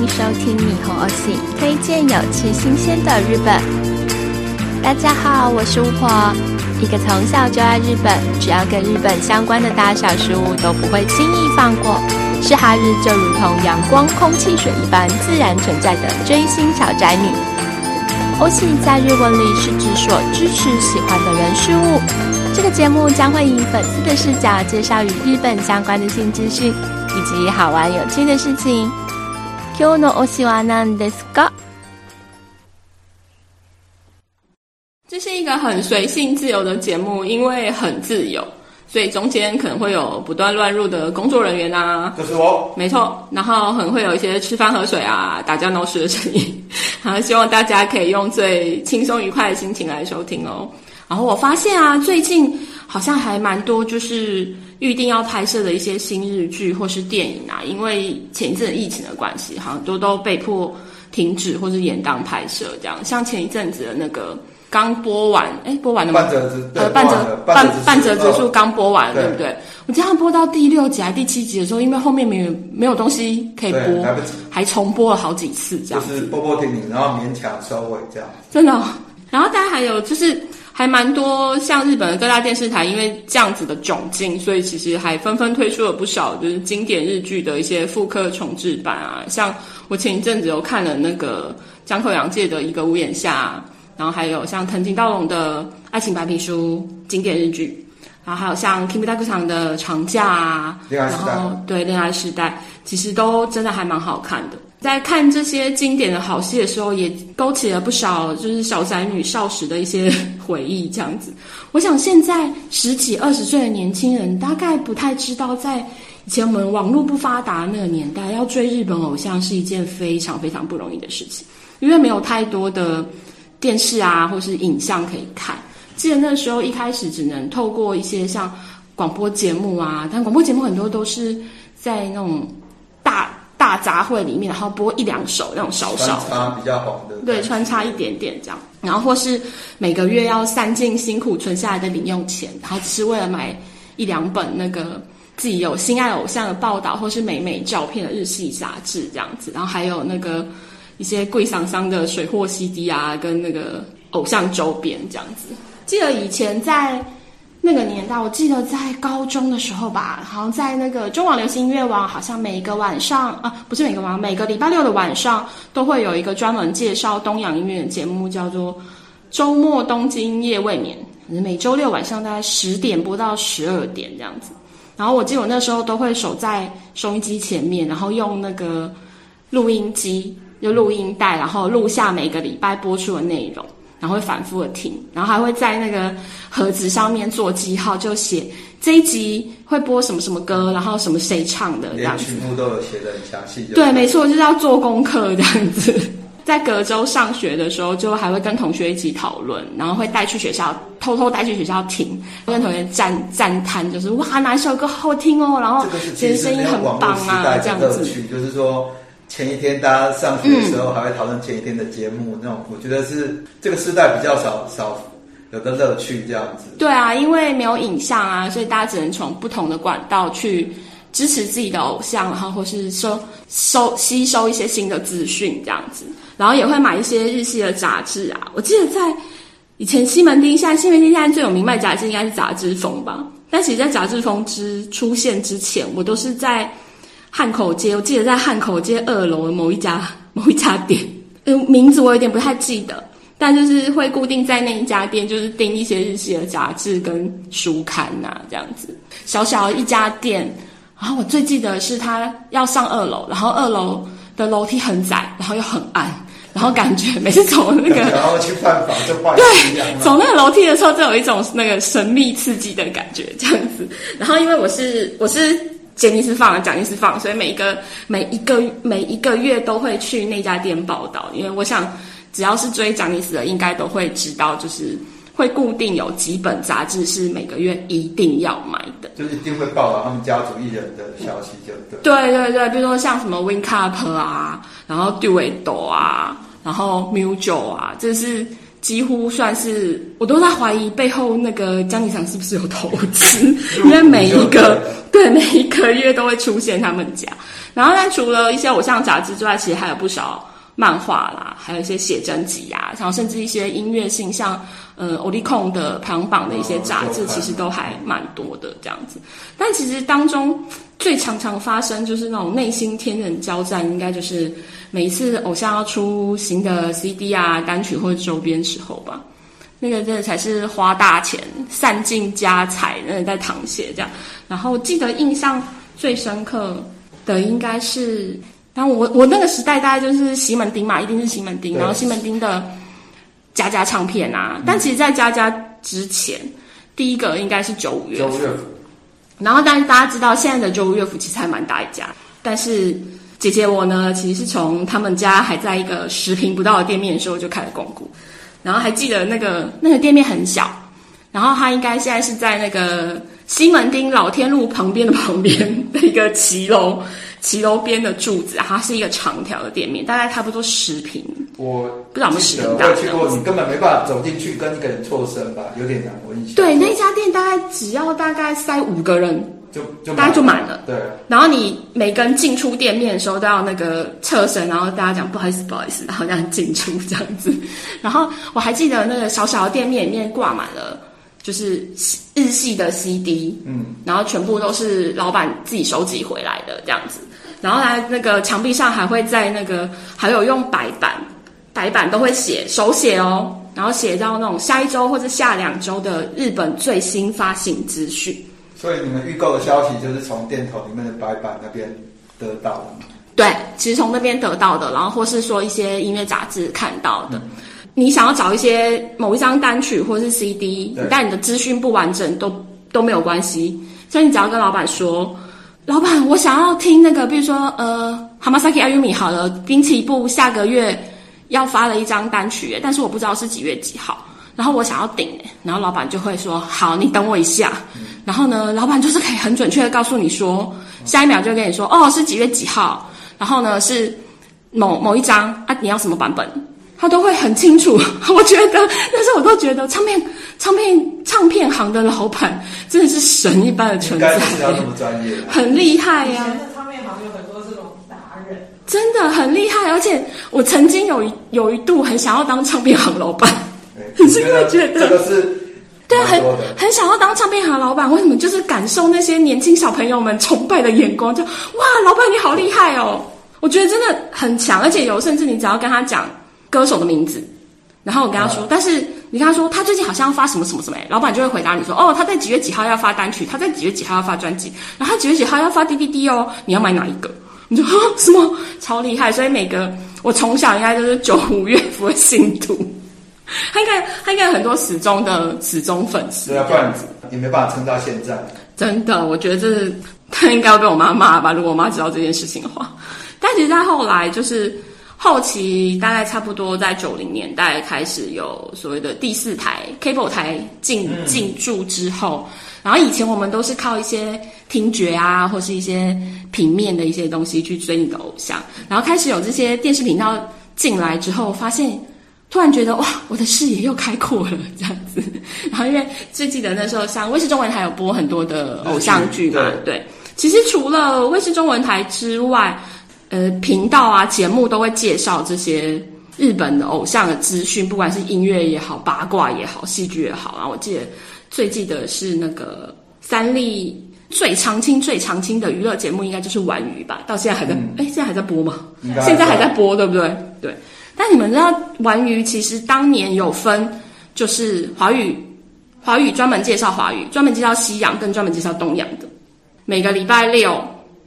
歡迎收聽霓虹歐系，推薦有趣新鮮的日本。大家好，我是巫婆，一個從小就愛日本，只要跟日本相關的大小事物都不會輕易放過。嗜好日本就如同陽光、空氣、水一般自然存在的追星小宅女。歐系在日文裡是指所支持、喜歡的人事物。這個節目將會以粉絲的視角介紹與日本相關的新資訊以及好玩有趣的事情。今日の推しは何ですか？這是一個很隨性自由的節目，因為很自由，所以中間可能會有不斷亂入的工作人員呐、啊。這是我。沒錯，然後可能會有一些吃飯喝水啊、打架鬧事的聲音。然後希望大家可以用最輕鬆愉快的心情來收聽哦。然後我發現啊，最近好像還蠻多就是。預定要拍攝的一些新日劇或是電影啊，因為前一陣疫情的關係，好像都都被迫停止或是延宕拍攝，這樣。像前一陣子的那個剛播完，哎，播完了嗎？半澤直、啊、半澤半半澤直、哦、樹剛播完對，對不對？我記得播到第六集還是第七集的時候，因為後面沒有沒有東西可以播，來還重播了好幾次，這樣。就是播播停停，然後勉強收尾，這樣。真的，然後大家還有就是。還蠻多，像日本的各大電視台，因為這樣子的窘境，所以其實還紛紛推出了不少就是經典日劇的一些復刻重製版啊。像我前一陣子有看了那個江口洋介的一個屋檐下，然後還有像藤井道隆的愛情白皮書經典日劇，然後還有像 Kimi 大劇場的長假，啊，戀愛時代，然後對，戀愛時代，其實都真的還蠻好看的。在看這些經典的好戲的時候，也勾起了不少就是小宅女少時的一些回憶。這樣子，我想現在十幾二十歲的年輕人大概不太知道，在以前我們網絡不發達那個年代，要追日本偶像是一件非常非常不容易的事情，因為沒有太多的電視啊，或是影像可以看。記得那時候一開始只能透過一些像廣播節目啊，但廣播節目很多都是在那種。雜燴裡面，然後播一兩首那種小首，穿插比較好的，對，穿插一點點這樣，然後或是每個月要散盡辛苦存下來的零用錢，嗯、然後只是為了買一兩本那個自己有心愛偶像的報道或是美美照片的日系雜誌這樣子，然後還有那個一些貴桑桑的水貨 CD 啊，跟那個偶像周邊這樣子。記得以前在。那個年代，我記得在高中的時候吧，好像在那個中廣流行音樂網，好像每個晚上啊，不是每個晚上，每個禮拜六的晚上都會有一個專門介紹東洋音樂的節目，叫做《週末東京夜未眠》，每週六晚上大概十點播到十二點這樣子。然後我記得我那時候都會守在收音機前面，然後用那個錄音機、就錄音帶，然後錄下每個禮拜播出的內容。然後會反覆的聽，然後還會在那個盒子上面做記號，就寫這一集會播什麼什麼歌，然後什麼誰唱的這樣子。連曲目都有寫的很詳細，就是。對，沒錯，就是要做功課這樣子。 在隔周上學的時候，就還會跟同學一起討論，然後會帶去學校偷偷帶去學校聽，跟同學讚讚嘆，就是哇，哪首歌好聽哦，然後其實聲音很棒啊，這，個，這樣子。就是說。前一天大家上學的時候還會討論前一天的節目，嗯，那種我覺得是這個時代比較少少有的樂趣，這樣子。對啊，因為沒有影像啊，所以大家只能從不同的管道去支持自己的偶像，然後或是收收吸收一些新的資訊，這樣子。然後也會買一些日系的雜誌啊，我記得在以前西門町，現在西門町現在最有名賣雜誌應該是《雜誌風》吧。但其實在《雜誌風》之出現之前，我都是在。漢口街，我記得在漢口街二樓的某一家，某一家店，嗯、呃，名字我有點不太記得，但就是會固定在那一家店，就是訂一些日系的雜誌跟書刊吶，這樣子。小小一家店，然後我最記得是他要上二樓，然後二樓的樓梯很窄，然後又很暗，然後感覺每次走那個，然後去拜房就拜訪，對，走那個樓梯的時候，就有一種那個神秘刺激的感覺，這樣子。然後因為我是我是。傑定斯放，了，傑尼斯放了，所以每一個每一個每一個月都會去那家店報道。因為我想，只要是追蔣尼斯的，應該都會知道，就是會固定有幾本雜誌是每個月一定要買的。就是一定會報道他們家族藝人的消息就，就、嗯、對對對，比如說像什麼 Win Cup 啊，然後 Duvido 啊，然後 Miu 九啊，這是。幾乎算是，我都在懷疑背後那個江啟祥是不是有投資， 因為每一個對，對每一個月都會出現他們家。然後呢，除了一些偶像雜誌之外，其實還有不少漫畫啦，還有一些寫真集呀，啊，然後甚至一些音樂性，像呃 Oricon 的排行榜的一些雜誌，其實都還蠻多的這樣子。但其實當中最常常發生就是那種內心天人交戰，應該就是。每一次偶像要出新的 CD 啊、單曲或者周邊時候吧，那個真的才是花大錢、散盡家財，那個、在淌血這樣。然後記得印象最深刻的應該是，當我我那個時代，大概就是西門町嘛，一定是西門町，然後西門町的家家唱片啊，但其實，在家家之前、嗯，第一個應該是九五樂府。然後但，但大家知道，現在的九五樂府其實還蠻大一家，但是。姐姐，我呢，其實是從他們家還在一個十坪不到的店面的時候就開始光顧，然後還記得那個那個店面很小，然後他應該現在是在那個西門町老天祿旁邊的旁邊的一個騎樓，騎樓邊的柱子，它是一個長條的店面，大概差不多十坪。我不知道十坪大，我也去過。你根本沒辦法走進去，跟一個人錯身吧，有點難。我以前對、對那家店大概只要大概塞五個人。就，就大家就滿了，對。然後你每個人進出店面的時候都要那個側身，然後大家講不好意思，不好意思，然後這樣進出這樣子。然後我還記得那個小小的店面裡面掛滿了就是日系的 CD，嗯，然後全部都是老闆自己收集回來的這樣子。然後來那個牆壁上還會在那個還有用白板，白板都會寫手寫哦，然後寫到那種下一周或者下兩周的日本最新發行資訊。所以你們預購的消息就是從店頭裡面的白板那邊得到的嗎？對，其實從那邊得到的，然後或是說一些音樂雜誌看到的。嗯。你想要找一些某一張單曲或是 CD，但你的資訊不完整，都都沒有關係。所以你只要跟老闆說：“老闆，我想要聽那個，比如說呃，Hamasaki Ayumi 好了，濱崎步下個月要發了一張單曲，但是我不知道是幾月幾號，然後我想要訂。然後老闆就會說：“好，你等我一下。”嗯然後呢，老闆就是可以很準確的告訴你說，下一秒就跟你說，哦，是幾月幾號，然後呢是某某一張啊，你要什麼版本，他都會很清楚。我覺得，那時候我都覺得唱片、唱片、唱片行的老闆真的是神一般的存在，麼啊、很厲害呀、啊。以前的唱片行有很多這種達人，真的很厲害。而且我曾經有一有一度很想要當唱片行老闆，是因為覺得 這個是。對，很很想要當唱片行的老闆。為什麼？就是感受那些年輕小朋友們崇拜的眼光，就哇，老闆你好厲害哦！我覺得真的很強，而且有甚至你只要跟他講歌手的名字，然後我跟他說、哦，但是你跟他說他最近好像要發什麼什麼什麼，哎，老闆就會回答你說，哦，他在幾月幾號要發單曲，他在幾月幾號要發專輯，然後他幾月幾號要發 DVD 哦，你要買哪一個？你就什麼、哦、超厲害！所以每個我從小應該都是九五樂府的信徒。他應該，他應該有很多死忠的死忠粉絲。不然你沒辦法撐到現在。真的，我覺得這是他應該要被我媽罵吧。如果我媽知道這件事情的話。但其實，在後來就是後期，大概差不多在九零年代開始，有所謂的第四台、cable 台進進駐之後，嗯，然後以前我們都是靠一些聽覺啊，或是一些平面的一些東西去追你的偶像。然後開始有這些電視頻道進來之後，發現。突然覺得哇，我的視野又開闊了這樣子。然後因為最記得那時候，像衛視中文台有播很多的偶像劇嘛。對、對，其實除了衛視中文台之外，呃，頻道啊節目都會介紹這些日本的偶像的資訊，不管是音樂也好，八卦也好，戲劇也好啊。然後我記得最記得是那個三立最長青、最長青的娛樂節目，應該就是《完娛》吧？到現在還在，嗯、誒，現在還在播嗎？現在還在播，對不對？對。那你們知道，玩魚其實當年有分，就是華語，華語專門介紹華語，專門介紹西洋，跟專門介紹東洋的。每個禮拜六，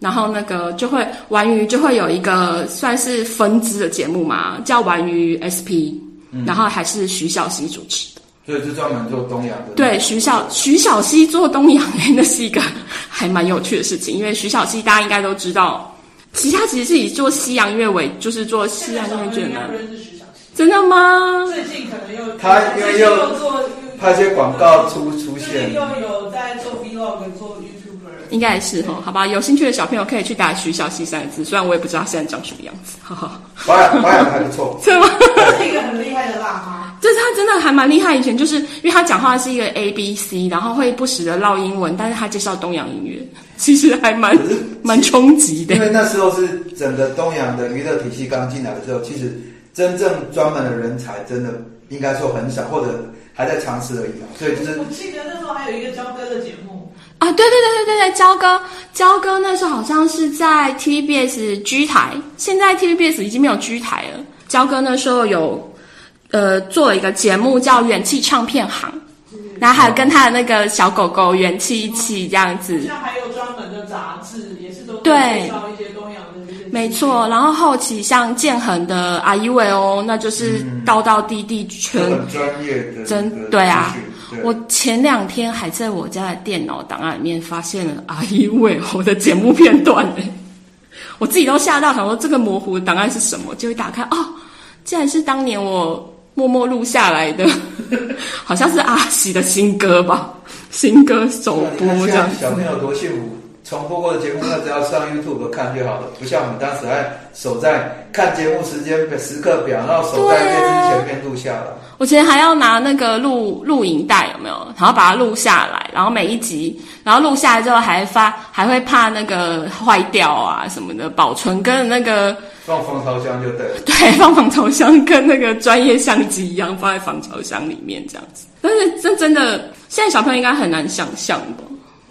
然後那個就會玩魚，就會有一個算是分支的節目嘛，叫玩魚 SP，嗯，然後還是徐小溪主持的。所以就專門做東洋的。對，徐小，徐小溪做東洋，那是一個還蠻有趣的事情，因為徐小溪大家應該都知道。其實他其實是以做西洋樂為，就是做西洋音樂的，真的嗎？最近可能又他因為又他接廣告出出現，就是、又有在做 vlog、做 youtuber，應該也是哈、哦，好吧，有興趣的小朋友可以去打徐小西三個字，雖然我也不知道他現在長什麼樣子，哈哈，保養保養還不錯，是 嗎？是一個很厲害的辣媽，就是他真的還蠻厲害，以前就是因為他講話是一個 a b c，然後會不時的嘮英文，但是他介紹東洋音樂。其實還蠻蠻衝擊的，因為那時候是整個東洋的娛樂體系剛進來的時候，其實真正專門的人才真的應該說很少，或者還在嘗試而已啊，對，就是我記得那時候還有一個焦哥的節目啊。對對對對對對，焦哥焦哥那時候好像是在 T V B S G 台，現在 T V B S 已經沒有 G 台了。焦哥那時候有呃做了一個節目叫《元氣唱片行》，嗯，然後還有跟他的那個小狗狗元氣一起這樣子。嗯，現在還有對，沒錯。然後後期像建恆的阿姨偉哦，那就是道道地地全、嗯、真對啊對！我前兩天還在我家的電腦檔案裡面發現了阿姨偉我的節目片段哎，我自己都嚇到，想說這個模糊的檔案是什麼，就會打開哦，竟然是當年我默默錄下來的， 好像是阿喜的新歌吧？新歌首播這樣、啊，小朋友多幸福。重複過的節目，那只要上 YouTube 看就好了。不像我們當時還守在看節目時間的時刻表，然後守在電視前面錄下了。對啊。我其實還要拿那個錄錄影帶，有沒有？然後把它錄下來，然後每一集，然後錄下來之後還發，還會怕那個壞掉啊什麼的，保存跟那個放防潮箱就對了。對，放防潮箱跟那個專業相機一樣，放在防潮箱裡面這樣子。但是這真的，現在小朋友應該很難想象的，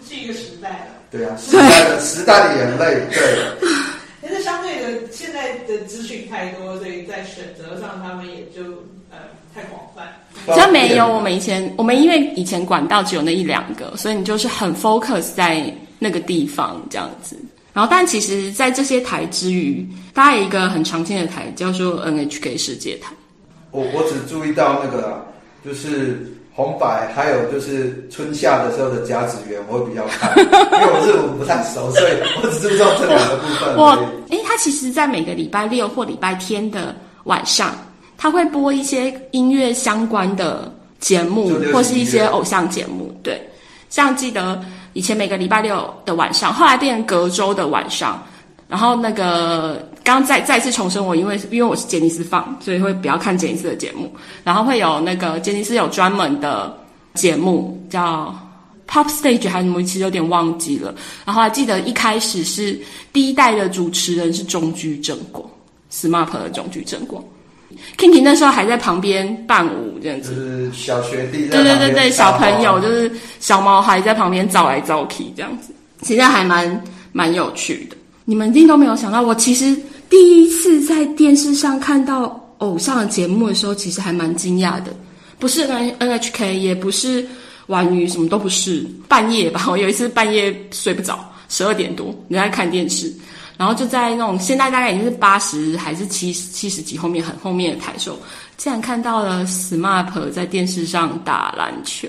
是一個時代的，對啊，時代的時代的，的眼淚對。但是相對的，現在的資訊太多，所以在選擇上他們也就呃太廣泛。好像沒有我們以前，我們因為以前管道只有那一兩個，所以你就是很 focus 在那個地方這樣子。然後，但其實在這些台之餘，大家有一個很常見的台叫做 NHK 世界台。我、哦、我只注意到那個、啊，就是。紅白，還有就是春夏的時候的甲子園，我會比較看，因為我是我不太熟， 所以我只知道這兩個部分。我，哎、欸，他其實在每個禮拜六或禮拜天的晚上，他會播一些音樂相關的節目六六，或是一些偶像節目。對，像記得以前每個禮拜六的晚上，後來變成隔周的晚上，然後那個。剛剛再再次重申我，我因為因為我是杰尼斯放，所以會比較看傑尼斯的節目。然後會有那個傑尼斯有專門的節目叫 Pop Stage 還是什麼，其實有點忘記了。然後還記得一開始是第一代的主持人是中居正廣，SMAP 的中居正廣 Kinki 那時候還在旁邊伴舞這樣子。就是小學弟在旁邊對對對對，小朋友就是小毛孩在旁邊招來招去這樣子，其實還蠻蠻有趣的。你們一定都沒有想到，我其實。第一次在電視上看到偶像的節目的時候，其實還蠻驚訝的，不是 NHK，也不是丸魚，什麼都不是。半夜吧，我有一次半夜睡不着，十二點多，你在看電視，然後就在那種現在大概已經是八十還是七七十幾後面很後面的台數，竟然看到了 SMAP 在電視上打籃球。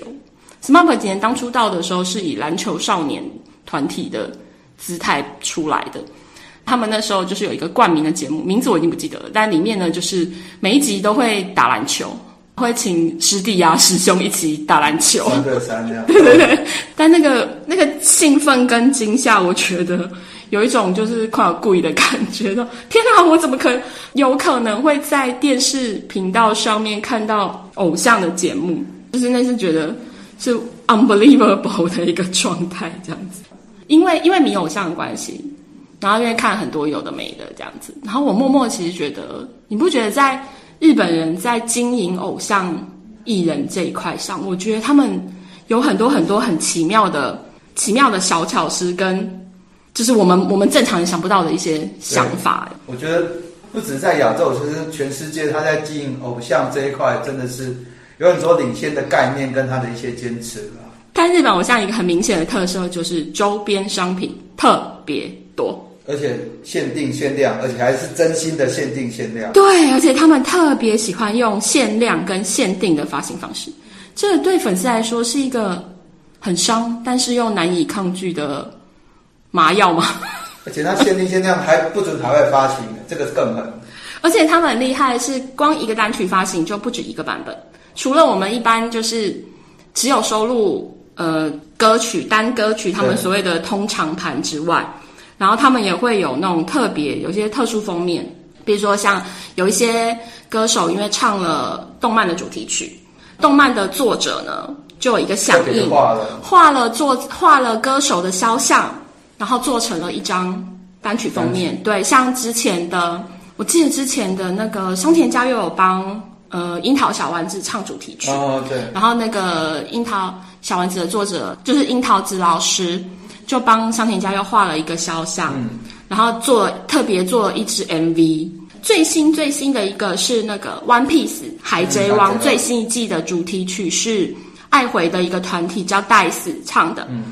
SMAP 今年當初出道的時候是以籃球少年團體的姿態出來的。他們那時候就是有一個冠名的節目，名字我已經不記得了，但裡面呢，就是每一集都會打籃球，會請師弟啊師兄一起打籃球。三對三兩。 對對對，但那個那個興奮跟驚嚇，我覺得有一種就是快要故意的感覺到。天哪，我怎麼可有可能會在電視頻道上面看到偶像的節目？就是那是覺得是 unbelievable 的一個狀態，這樣子。因為因為迷偶像的關係。然後因為看很多有的沒的這樣子，然後我默默其實覺得，你不覺得在日本人在經營偶像藝人這一塊上，我覺得他們有很多很多很奇妙的、奇妙的小巧思，跟就是我們我們正常人想不到的一些想法。我覺得不止在亞洲，其實全世界他在經營偶像這一塊真的是有很多領先的概念，跟他的一些堅持了。但日本偶像一個很明顯的特色就是周邊商品特別多。而且限定限量，而且還是真心的限定限量。對，而且他們特別喜歡用限量跟限定的發行方式，這對粉絲來說是一個很傷，但是又難以抗拒的麻藥嘛。而且他限定限量還不准海外發行，這個是更狠。而且他們很厲害的是，光一個單曲發行就不止一個版本，除了我們一般就是只有收錄呃歌曲單歌曲，他們所謂的通常盤之外。然後他們也會有那種特別，有些特殊封面，比如說像有一些歌手因為唱了動漫的主題曲，動漫的作者呢就有一個響應，畫了作，畫了歌手的肖像，然後做成了一張單曲封面。對，像之前的，我記得之前的那個桑田佳祐有幫呃櫻桃小丸子唱主題曲，哦對，然後那個櫻桃小丸子的作者就是櫻桃子老師。就幫桑田佳祐畫了一個肖像，嗯、然後做特別做了一支 MV。最新最新的一個是那個《One Piece》、嗯、海賊王最新一季的主題曲是艾迴的一個團體叫 Dice 唱的，嗯、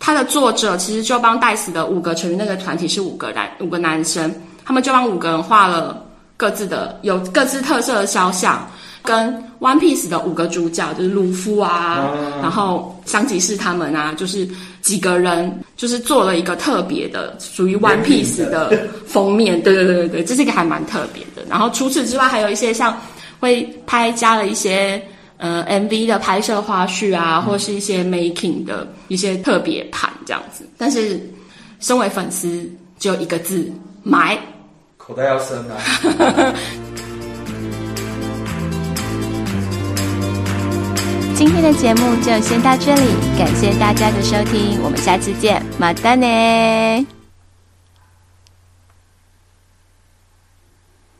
他的作者其實就幫 Dice 的五個成員，那個團體是五個男、嗯、五個男生，他們就幫五個人畫了各自的有各自特色的肖像。跟 One Piece 的五個主角就是魯夫啊，啊，然後香吉士他們啊，就是幾個人，就是做了一個特別的，屬於 One Piece 的封面， 對對對對，這是一個還蠻特別的。然後除此之外，還有一些像會拍加了一些呃 MV 的拍攝花絮啊，嗯、或是一些 making 的一些特別盤這樣子。但是，身為粉絲，就一個字，買。口袋要深啊。 今天的節目就先到這裡，感謝大家的收聽，我們下次見，またね。